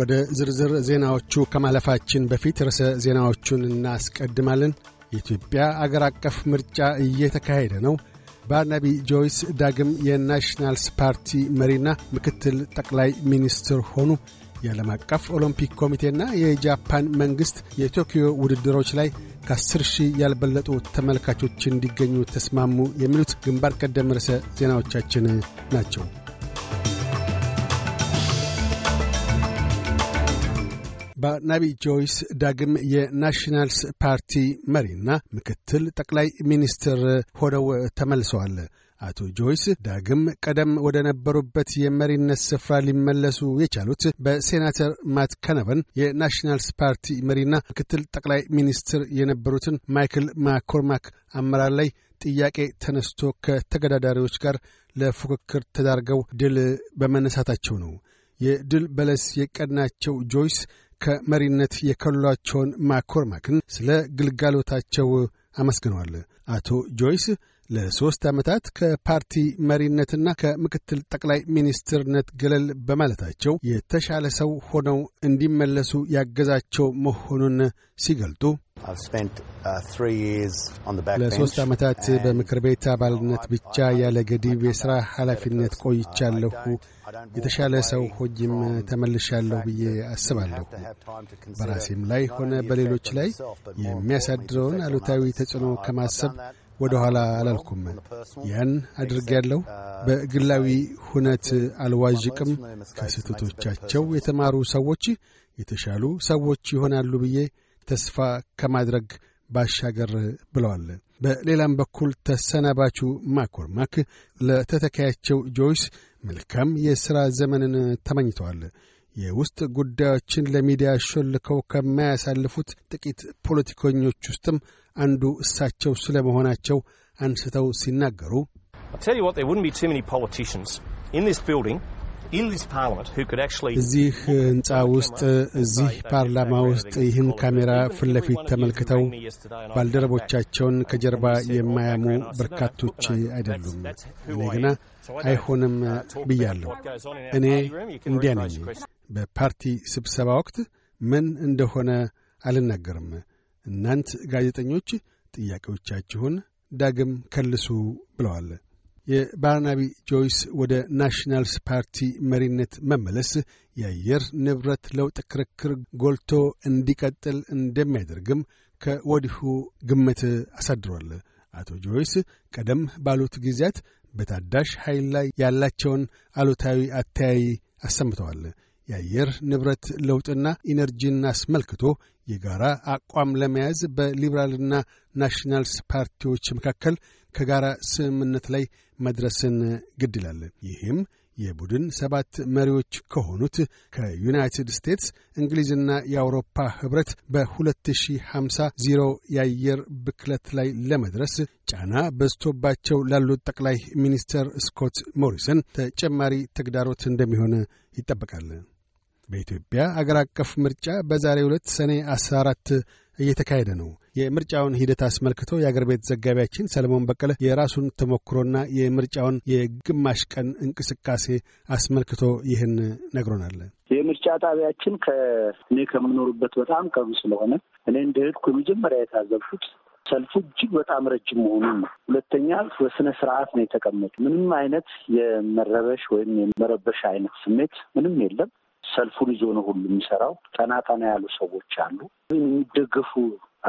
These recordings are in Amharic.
ወደ ዝርዝር ዜናዎቹ ከማለፋችን በፊት ርዕሰ ዜናዎቹን እናስቀድማለን። የኢትዮጵያ አገር አቀፍ ምርጫ እየተካሄደ ነው። ባርናቢ ጆይስ ዳግም የናሽናልስ ፓርቲ መሪና ምክትል ጠቅላይ ሚኒስትር ሆኑ። የዓለም አቀፍ ኦሎምፒክ ኮሚቴና የጃፓን መንግሥት የቶኪዮ ውድድሮች ላይ ከ10 ሺህ ያልበለጡ ተመልካቾች እንዲገኙ ተስማሙ። የሚሉት ግንባር ቀደም ርዕሰ ዜናዎቻችን ናቸው። በናቢ ጆይስ ዳግም የናሽናልስ ፓርቲ መሪና ምክትል ጠቅላይ ሚኒስትር ሆነው ተመልሰዋል። አቶ ጆይስ ዳግም ቀደም ወደ ነበሩበት የመሪነት ስፍራ ሊመለሱ የቻሉት በሴናተር ማት ከነቨን የናሽናልስ ፓርቲ መሪና ምክትል ጠቅላይ ሚኒስትር የነበሩትን ማይክል ማኮርማክ አመራር ላይ ጥያቄ ተነስቶ ከተገዳዳሪዎች ጋር ለፉክክር ተዳርገው ድል በመነሳታቸው ነው። የድል በለስ የቀናቸው ጆይስ ከመሪነት የከሏቸውን ማኮርማክን ስለ ግልጋሎታቸው አመስግነዋል። አቶ ጆይስ ለሶስት ዓመታት ከፓርቲ መሪነትና ከምክትል ጠቅላይ ሚኒስትርነት ገለል በማለታቸው የተሻለ ሰው ሆነው እንዲመለሱ ያገዛቸው መሆኑን ሲገልጡ uh, ለሶስት ዓመታት በምክር ቤት አባልነት ብቻ ያለ ገዲብ የሥራ ኃላፊነት ቆይቻለሁ። የተሻለ ሰው ሆኜም ተመልሻለሁ ብዬ አስባለሁ። በራሴም ላይ ሆነ በሌሎች ላይ የሚያሳድረውን አሉታዊ ተጽዕኖ ከማሰብ ወደ ኋላ አላልኩም። ያን ያለው በግላዊ ሁነት አልዋዥቅም። ከስህተቶቻቸው የተማሩ ሰዎች የተሻሉ ሰዎች ይሆናሉ ብዬ ተስፋ ከማድረግ ባሻገር ብለዋል። በሌላም በኩል ተሰናባቹ ማኮርማክ ለተተካያቸው ጆይስ መልካም የሥራ ዘመንን ተመኝተዋል። የውስጥ ጉዳዮችን ለሚዲያ ሾልከው ከማያሳልፉት ጥቂት ፖለቲከኞች ውስጥም አንዱ እሳቸው ስለ መሆናቸው አንስተው ሲናገሩ እዚህ ሕንፃ ውስጥ እዚህ ፓርላማ ውስጥ ይህን ካሜራ ፊት ለፊት ተመልክተው ባልደረቦቻቸውን ከጀርባ የማያሙ በርካቶች አይደሉም። እኔ ግና አይሆንም ብያለሁ። እኔ እንዲያ ነኝ። በፓርቲ ስብሰባ ወቅት ምን እንደሆነ አልናገርም። እናንት ጋዜጠኞች ጥያቄዎቻችሁን ዳግም ከልሱ ብለዋል። የባርናቢ ጆይስ ወደ ናሽናልስ ፓርቲ መሪነት መመለስ የአየር ንብረት ለውጥ ክርክር ጎልቶ እንዲቀጥል እንደሚያደርግም ከወዲሁ ግምት አሳድሯል። አቶ ጆይስ ቀደም ባሉት ጊዜያት በታዳሽ ኃይል ላይ ያላቸውን አሉታዊ አተያይ አሰምተዋል። የአየር ንብረት ለውጥና ኢነርጂን አስመልክቶ የጋራ አቋም ለመያዝ በሊበራልና ናሽናልስ ፓርቲዎች መካከል ከጋራ ስምምነት ላይ መድረስን ግድላል። ይህም የቡድን ሰባት መሪዎች ከሆኑት ከዩናይትድ ስቴትስ እንግሊዝና የአውሮፓ ኅብረት በ2050 ዚሮ የአየር ብክለት ላይ ለመድረስ ጫና በዝቶባቸው ላሉት ጠቅላይ ሚኒስተር ስኮት ሞሪሰን ተጨማሪ ተግዳሮት እንደሚሆን ይጠበቃል። በኢትዮጵያ አገር አቀፍ ምርጫ በዛሬ ሁለት ሰኔ 14 እየተካሄደ ነው። የምርጫውን ሂደት አስመልክቶ የአገር ቤት ዘጋቢያችን ሰለሞን በቀለ የራሱን ተሞክሮና የምርጫውን የግማሽ ቀን እንቅስቃሴ አስመልክቶ ይህን ነግሮናል። የምርጫ ጣቢያችን ከእኔ ከምኖሩበት በጣም ቅርብ ስለሆነ እኔ እንደሄድኩ የመጀመሪያ የታዘብኩት ሰልፉ እጅግ በጣም ረጅም መሆኑን ነው። ሁለተኛ በስነ ስርዓት ነው የተቀመጡ። ምንም አይነት የመረበሽ ወይም የመረበሽ አይነት ስሜት ምንም የለም። ሰልፉን ይዞ ነው ሁሉ የሚሰራው። ጠናጠና ያሉ ሰዎች አሉ። ግን የሚደገፉ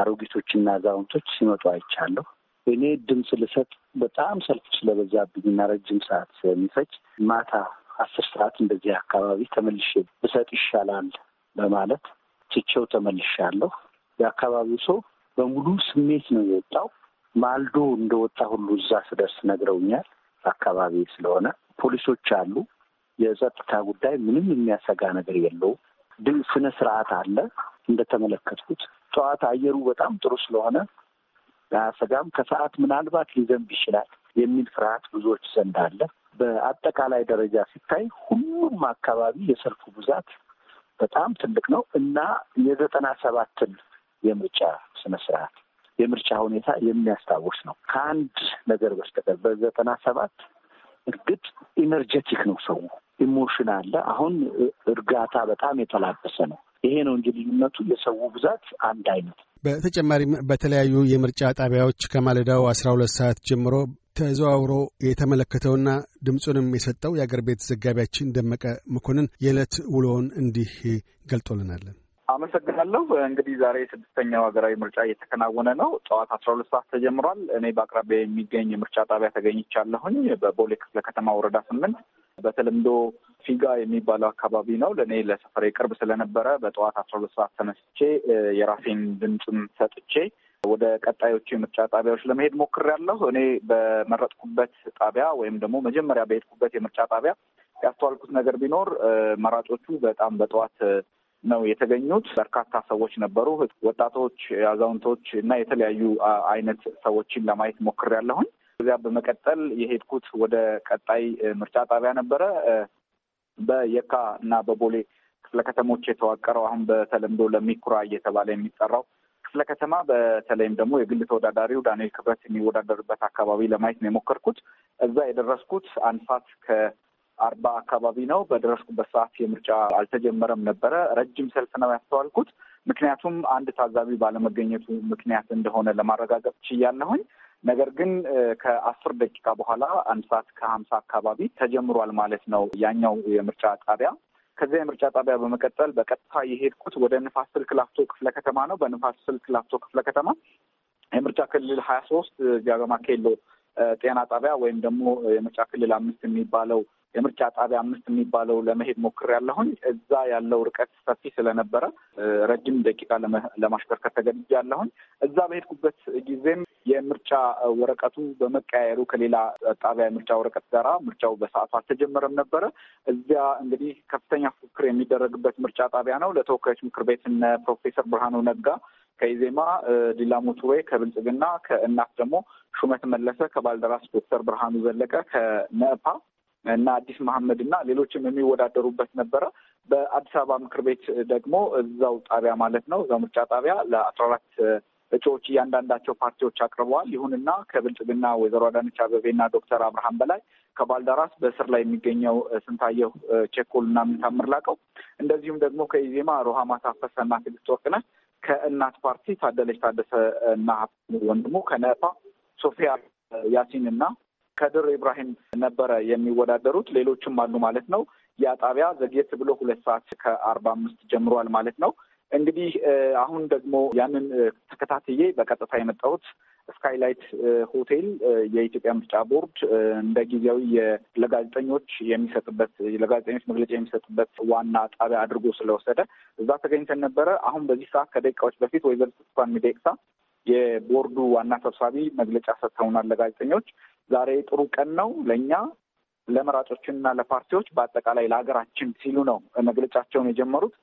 አሮጊቶችና አዛውንቶች ሲመጡ አይቻለሁ። እኔ ድምፅ ልሰጥ በጣም ሰልፉ ስለበዛብኝና ረጅም ሰዓት ስለሚፈጅ ማታ አስር ሰዓት እንደዚህ አካባቢ ተመልሼ ብሰጥ ይሻላል በማለት ትቼው ተመልሻለሁ። የአካባቢው ሰው በሙሉ ስሜት ነው የወጣው። ማልዶ እንደወጣ ሁሉ እዛ ስደርስ ነግረውኛል። አካባቢ ስለሆነ ፖሊሶች አሉ የጸጥታ ጉዳይ ምንም የሚያሰጋ ነገር የለው። ድል ስነ ስርዓት አለ። እንደተመለከትኩት ጠዋት አየሩ በጣም ጥሩ ስለሆነ አያሰጋም። ከሰዓት ምናልባት ሊዘንብ ይችላል የሚል ፍርሃት ብዙዎች ዘንድ አለ። በአጠቃላይ ደረጃ ሲታይ ሁሉም አካባቢ የሰልፉ ብዛት በጣም ትልቅ ነው እና የዘጠና ሰባትን የምርጫ ስነ ስርዓት የምርጫ ሁኔታ የሚያስታውስ ነው ከአንድ ነገር በስተቀር በዘጠና ሰባት እርግጥ ኢነርጀቲክ ነው ሰው ኢሞሽን አለ። አሁን እርጋታ በጣም የተላበሰ ነው። ይሄ ነው እንጂ ልዩነቱ የሰው ብዛት አንድ አይነት። በተጨማሪም በተለያዩ የምርጫ ጣቢያዎች ከማለዳው አስራ ሁለት ሰዓት ጀምሮ ተዘዋውሮ የተመለከተውና ድምፁንም የሰጠው የአገር ቤት ዘጋቢያችን ደመቀ መኮንን የዕለት ውሎውን እንዲህ ገልጦልናል። አመሰግናለሁ። እንግዲህ ዛሬ ስድስተኛው ሀገራዊ ምርጫ እየተከናወነ ነው። ጠዋት አስራ ሁለት ሰዓት ተጀምሯል። እኔ በአቅራቢያ የሚገኝ ምርጫ ጣቢያ ተገኝቻለሁኝ። በቦሌ ክፍለ ከተማ ወረዳ ስምንት በተለምዶ ፊጋ የሚባለው አካባቢ ነው። ለእኔ ለሰፈሬ ቅርብ ስለነበረ በጠዋት አስራ ሁለት ሰዓት ተነስቼ የራሴን ድምፅም ሰጥቼ ወደ ቀጣዮቹ የምርጫ ጣቢያዎች ለመሄድ ሞክሬያለሁ። እኔ በመረጥኩበት ጣቢያ ወይም ደግሞ መጀመሪያ በሄድኩበት የምርጫ ጣቢያ ያስተዋልኩት ነገር ቢኖር መራጮቹ በጣም በጠዋት ነው የተገኙት። በርካታ ሰዎች ነበሩ፣ ወጣቶች፣ አዛውንቶች እና የተለያዩ አይነት ሰዎችን ለማየት ሞክሬያለሁኝ። እዚያ በመቀጠል የሄድኩት ወደ ቀጣይ ምርጫ ጣቢያ ነበረ። በየካ እና በቦሌ ክፍለ ከተሞች የተዋቀረው አሁን በተለምዶ ለሚኩራ እየተባለ የሚጠራው ክፍለ ከተማ በተለይም ደግሞ የግል ተወዳዳሪው ዳንኤል ክብረት የሚወዳደርበት አካባቢ ለማየት ነው የሞከርኩት። እዛ የደረስኩት አንድ ሰዓት ከአርባ አካባቢ ነው። በደረስኩበት ሰዓት የምርጫ አልተጀመረም ነበረ። ረጅም ሰልፍ ነው ያስተዋልኩት። ምክንያቱም አንድ ታዛቢ ባለመገኘቱ ምክንያት እንደሆነ ለማረጋገጥ ችያለሁኝ። ነገር ግን ከአስር ደቂቃ በኋላ አንድ ሰዓት ከሀምሳ አካባቢ ተጀምሯል ማለት ነው ያኛው የምርጫ ጣቢያ። ከዚያ የምርጫ ጣቢያ በመቀጠል በቀጥታ የሄድኩት ወደ ንፋስ ስልክ ላፍቶ ክፍለ ከተማ ነው። በንፋስ ስልክ ላፍቶ ክፍለ ከተማ የምርጫ ክልል ሀያ ሶስት ጃገማ ኬሎ ጤና ጣቢያ ወይም ደግሞ የምርጫ ክልል አምስት የሚባለው የምርጫ ጣቢያ አምስት የሚባለው ለመሄድ ሞክር ያለሁኝ እዛ ያለው ርቀት ሰፊ ስለነበረ ረጅም ደቂቃ ለማሽከርከር ያለሁኝ እዛ በሄድኩበት ጊዜም የምርጫ ወረቀቱ በመቀያየሩ ከሌላ ጣቢያ የምርጫ ወረቀት ጋራ ምርጫው በሰዓቱ አልተጀመረም ነበረ። እዚያ እንግዲህ ከፍተኛ ፉክክር የሚደረግበት ምርጫ ጣቢያ ነው። ለተወካዮች ምክር ቤት እነ ፕሮፌሰር ብርሃኑ ነጋ ከኢዜማ ዲላ ሙቱዌ ከብልጽግና ከእናት ደግሞ ሹመት መለሰ ከባልደራስ ዶክተር ብርሃኑ ዘለቀ ከነእፓ እና አዲስ መሐመድ እና ሌሎችም የሚወዳደሩበት ነበረ። በአዲስ አበባ ምክር ቤት ደግሞ እዛው ጣቢያ ማለት ነው እዛው ምርጫ ጣቢያ ለአስራ አራት እጩዎች እያንዳንዳቸው ፓርቲዎች አቅርበዋል። ይሁንና ከብልጽግና ወይዘሮ አዳነች አበቤና ዶክተር አብርሃም በላይ ከባልደራስ በእስር ላይ የሚገኘው ስንታየሁ ቼኮል እና ምንታምር ላቀው እንደዚሁም ደግሞ ከኢዜማ ሮሃማ ታፈሰና ትዕግስት ወርቅነህ ከእናት ፓርቲ ታደለች ታደሰ እና ወንድሙ ከነፓ ሶፊያ ያሲን እና ከድር ኢብራሂም ነበረ የሚወዳደሩት። ሌሎችም አሉ ማለት ነው። ያ ጣቢያ ዘግየት ብሎ ሁለት ሰዓት ከአርባ አምስት ጀምሯል ማለት ነው። እንግዲህ አሁን ደግሞ ያንን ተከታትዬ በቀጥታ የመጣሁት ስካይላይት ሆቴል የኢትዮጵያ ምርጫ ቦርድ እንደ ጊዜያዊ ለጋዜጠኞች የሚሰጥበት ለጋዜጠኞች መግለጫ የሚሰጥበት ዋና ጣቢያ አድርጎ ስለወሰደ እዛ ተገኝተን ነበረ። አሁን በዚህ ሰዓት ከደቂቃዎች በፊት ወይዘር ብርቱካን ሚደቅሳ የቦርዱ ዋና ሰብሳቢ መግለጫ ሰጥተውናል ለጋዜጠኞች። ዛሬ ጥሩ ቀን ነው ለእኛ ለመራጮችና ለፓርቲዎች፣ በአጠቃላይ ለሀገራችን ሲሉ ነው መግለጫቸውን የጀመሩት።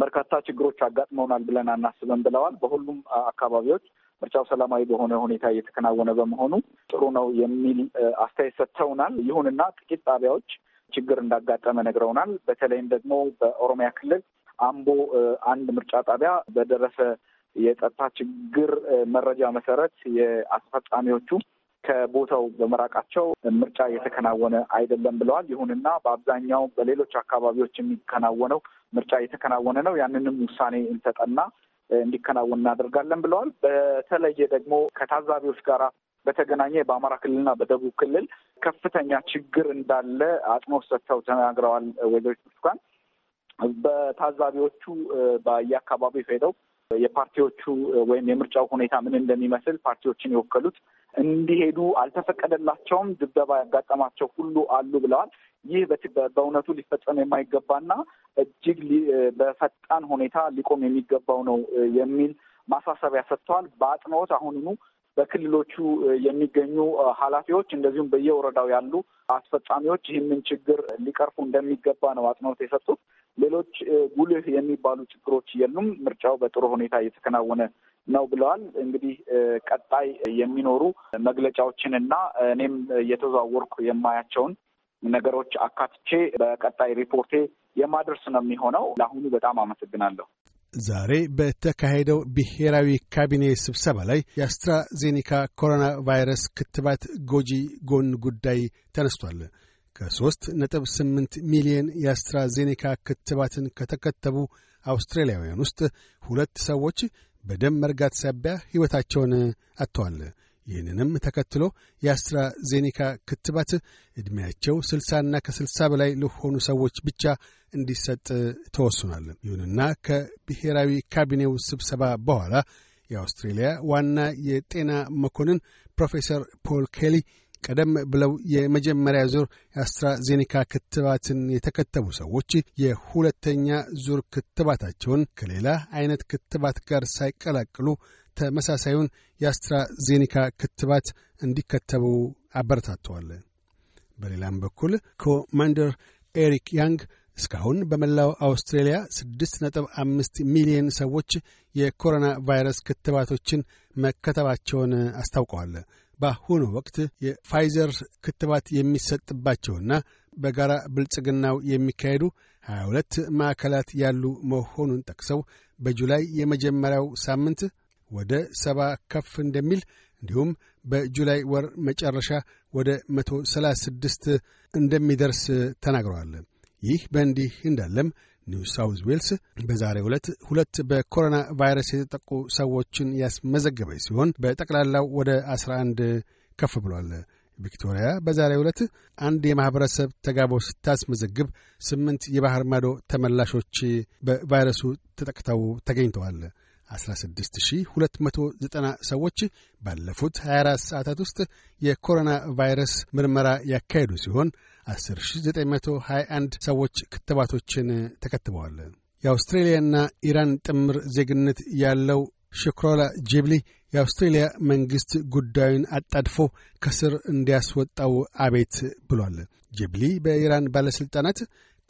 በርካታ ችግሮች አጋጥመውናል ብለን አናስብም ብለዋል። በሁሉም አካባቢዎች ምርጫው ሰላማዊ በሆነ ሁኔታ እየተከናወነ በመሆኑ ጥሩ ነው የሚል አስተያየት ሰጥተውናል። ይሁንና ጥቂት ጣቢያዎች ችግር እንዳጋጠመ ነግረውናል። በተለይም ደግሞ በኦሮሚያ ክልል አምቦ አንድ ምርጫ ጣቢያ በደረሰ የጸጥታ ችግር መረጃ መሰረት የአስፈጻሚዎቹ ከቦታው በመራቃቸው ምርጫ እየተከናወነ አይደለም ብለዋል። ይሁንና በአብዛኛው በሌሎች አካባቢዎች የሚከናወነው ምርጫ እየተከናወነ ነው። ያንንም ውሳኔ እንሰጠና እንዲከናወን እናደርጋለን ብለዋል። በተለየ ደግሞ ከታዛቢዎች ጋር በተገናኘ በአማራ ክልልና በደቡብ ክልል ከፍተኛ ችግር እንዳለ አጽንኦት ሰጥተው ተናግረዋል። ወይዘሪት ብርቱካን በታዛቢዎቹ በየአካባቢው ሄደው የፓርቲዎቹ ወይም የምርጫው ሁኔታ ምን እንደሚመስል ፓርቲዎችን የወከሉት እንዲሄዱ አልተፈቀደላቸውም፣ ድብደባ ያጋጠማቸው ሁሉ አሉ ብለዋል። ይህ በእውነቱ ሊፈጸም የማይገባና እጅግ በፈጣን ሁኔታ ሊቆም የሚገባው ነው የሚል ማሳሰቢያ ሰጥተዋል። በአጽንኦት አሁኑኑ በክልሎቹ የሚገኙ ኃላፊዎች እንደዚሁም በየወረዳው ያሉ አስፈጻሚዎች ይህንን ችግር ሊቀርፉ እንደሚገባ ነው አጽንኦት የሰጡት። ሌሎች ጉልህ የሚባሉ ችግሮች የሉም። ምርጫው በጥሩ ሁኔታ እየተከናወነ ነው ብለዋል። እንግዲህ ቀጣይ የሚኖሩ መግለጫዎችን እና እኔም እየተዘዋወርኩ የማያቸውን ነገሮች አካትቼ በቀጣይ ሪፖርቴ የማድረስ ነው የሚሆነው። ለአሁኑ በጣም አመሰግናለሁ። ዛሬ በተካሄደው ብሔራዊ ካቢኔ ስብሰባ ላይ የአስትራዜኒካ ኮሮና ቫይረስ ክትባት ጎጂ ጎን ጉዳይ ተነስቷል። ከ3.8 ሚሊዮን የአስትራዜኔካ ክትባትን ከተከተቡ አውስትራሊያውያን ውስጥ ሁለት ሰዎች በደም መርጋት ሳቢያ ሕይወታቸውን አጥተዋል። ይህንንም ተከትሎ የአስትራዜኔካ ክትባት ዕድሜያቸው ስልሳና ከስልሳ በላይ ለሆኑ ሰዎች ብቻ እንዲሰጥ ተወስኗል። ይሁንና ከብሔራዊ ካቢኔው ስብሰባ በኋላ የአውስትሬልያ ዋና የጤና መኮንን ፕሮፌሰር ፖል ኬሊ ቀደም ብለው የመጀመሪያ ዙር የአስትራዜኒካ ክትባትን የተከተቡ ሰዎች የሁለተኛ ዙር ክትባታቸውን ከሌላ አይነት ክትባት ጋር ሳይቀላቅሉ ተመሳሳዩን የአስትራዜኒካ ክትባት እንዲከተቡ አበረታተዋል። በሌላም በኩል ኮማንደር ኤሪክ ያንግ እስካሁን በመላው አውስትሬልያ 6.5 ሚሊዮን ሰዎች የኮሮና ቫይረስ ክትባቶችን መከተባቸውን አስታውቀዋል። በአሁኑ ወቅት የፋይዘር ክትባት የሚሰጥባቸውና በጋራ ብልጽግናው የሚካሄዱ 22 ማዕከላት ያሉ መሆኑን ጠቅሰው በጁላይ የመጀመሪያው ሳምንት ወደ ሰባ ከፍ እንደሚል እንዲሁም በጁላይ ወር መጨረሻ ወደ 136 እንደሚደርስ ተናግረዋል። ይህ በእንዲህ እንዳለም ኒው ሳውዝ ዌልስ በዛሬው ዕለት ሁለት በኮሮና ቫይረስ የተጠቁ ሰዎችን ያስመዘገበ ሲሆን በጠቅላላው ወደ 11 ከፍ ብሏል። ቪክቶሪያ በዛሬው ዕለት አንድ የማኅበረሰብ ተጋቦ ስታስመዘግብ ስምንት የባህር ማዶ ተመላሾች በቫይረሱ ተጠቅተው ተገኝተዋል። 16290 ሰዎች ባለፉት 24 ሰዓታት ውስጥ የኮሮና ቫይረስ ምርመራ ያካሄዱ ሲሆን 10921 ሰዎች ክትባቶችን ተከትበዋል። የአውስትሬልያና ኢራን ጥምር ዜግነት ያለው ሽክሮላ ጂብሊ የአውስትሬልያ መንግሥት ጉዳዩን አጣድፎ ከስር እንዲያስወጣው አቤት ብሏል። ጂብሊ በኢራን ባለሥልጣናት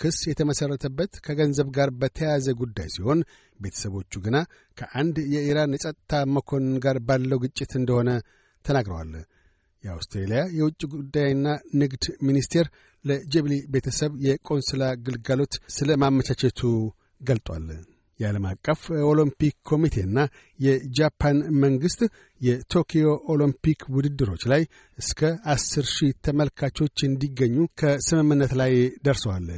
ክስ የተመሠረተበት ከገንዘብ ጋር በተያያዘ ጉዳይ ሲሆን ቤተሰቦቹ ግና ከአንድ የኢራን የጸጥታ መኮንን ጋር ባለው ግጭት እንደሆነ ተናግረዋል። የአውስትሬልያ የውጭ ጉዳይና ንግድ ሚኒስቴር ለጀብሊ ቤተሰብ የቆንስላ ግልጋሎት ስለ ማመቻቸቱ ገልጧል። የዓለም አቀፍ ኦሎምፒክ ኮሚቴና የጃፓን መንግሥት የቶኪዮ ኦሎምፒክ ውድድሮች ላይ እስከ አስር ሺህ ተመልካቾች እንዲገኙ ከስምምነት ላይ ደርሰዋል።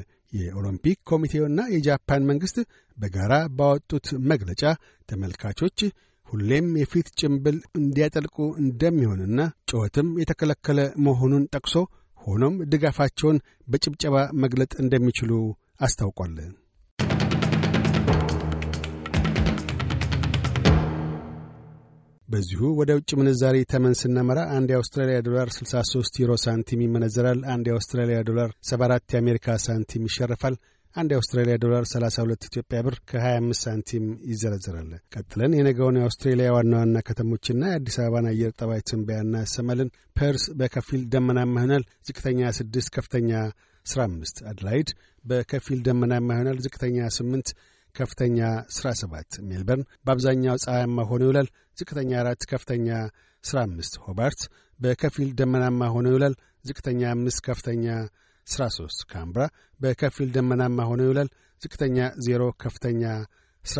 የኦሎምፒክ ኮሚቴውና የጃፓን መንግሥት በጋራ ባወጡት መግለጫ ተመልካቾች ሁሌም የፊት ጭንብል እንዲያጠልቁ እንደሚሆንና ጩኸትም የተከለከለ መሆኑን ጠቅሶ ሆኖም ድጋፋቸውን በጭብጨባ መግለጥ እንደሚችሉ አስታውቋል። በዚሁ ወደ ውጭ ምንዛሪ ተመን ስናመራ አንድ የአውስትራሊያ ዶላር 63 ዩሮ ሳንቲም ይመነዘራል። አንድ የአውስትራሊያ ዶላር 74 የአሜሪካ ሳንቲም ይሸርፋል። አንድ የአውስትራሊያ ዶላር 32 ኢትዮጵያ ብር ከ25 ሳንቲም ይዘረዘራል። ቀጥለን የነገውን የአውስትሬሊያ ዋና ዋና ከተሞችና የአዲስ አበባን አየር ጠባይ ትንበያ እናሰማለን። ፐርስ በከፊል ደመናማ ይሆናል። ዝቅተኛ 6፣ ከፍተኛ 15። አድላይድ በከፊል ደመናማ ይሆናል። ዝቅተኛ 8 ከፍተኛ ሰባት ሜልበርን፣ በአብዛኛው ፀሐያማ ሆኖ ይውላል። ዝቅተኛ 4 ከፍተኛ አምስት ሆባርት፣ በከፊል ደመናማ ሆኖ ይውላል። ዝቅተኛ 5 ከፍተኛ 13 ካምብራ፣ በከፊል ደመናማ ሆኖ ይውላል። ዝቅተኛ 0 ከፍተኛ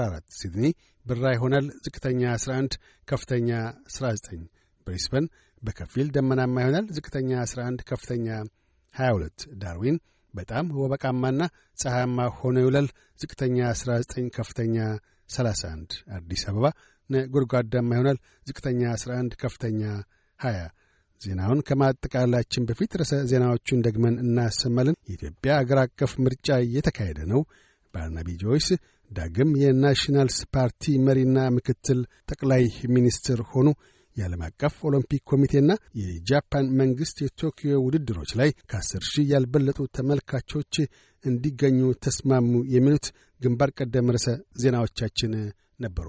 አራት ሲድኒ፣ ብራ ይሆናል። ዝቅተኛ 11 ከፍተኛ ዘጠኝ ብሪስበን፣ በከፊል ደመናማ ይሆናል። ዝቅተኛ 11 ከፍተኛ 22 ዳርዊን በጣም ወበቃማና ፀሐያማ ሆኖ ይውላል። ዝቅተኛ 19፣ ከፍተኛ 31። አዲስ አበባ ነጎድጓዳማ ይሆናል። ዝቅተኛ 11፣ ከፍተኛ 20። ዜናውን ከማጠቃላችን በፊት ርዕሰ ዜናዎቹን ደግመን እናሰማለን። የኢትዮጵያ አገር አቀፍ ምርጫ እየተካሄደ ነው። ባርናቢ ጆይስ ዳግም የናሽናልስ ፓርቲ መሪና ምክትል ጠቅላይ ሚኒስትር ሆኑ። የዓለም አቀፍ ኦሎምፒክ ኮሚቴና የጃፓን መንግሥት የቶኪዮ ውድድሮች ላይ ከአስር ሺህ ያልበለጡ ተመልካቾች እንዲገኙ ተስማሙ። የሚሉት ግንባር ቀደም ርዕሰ ዜናዎቻችን ነበሩ።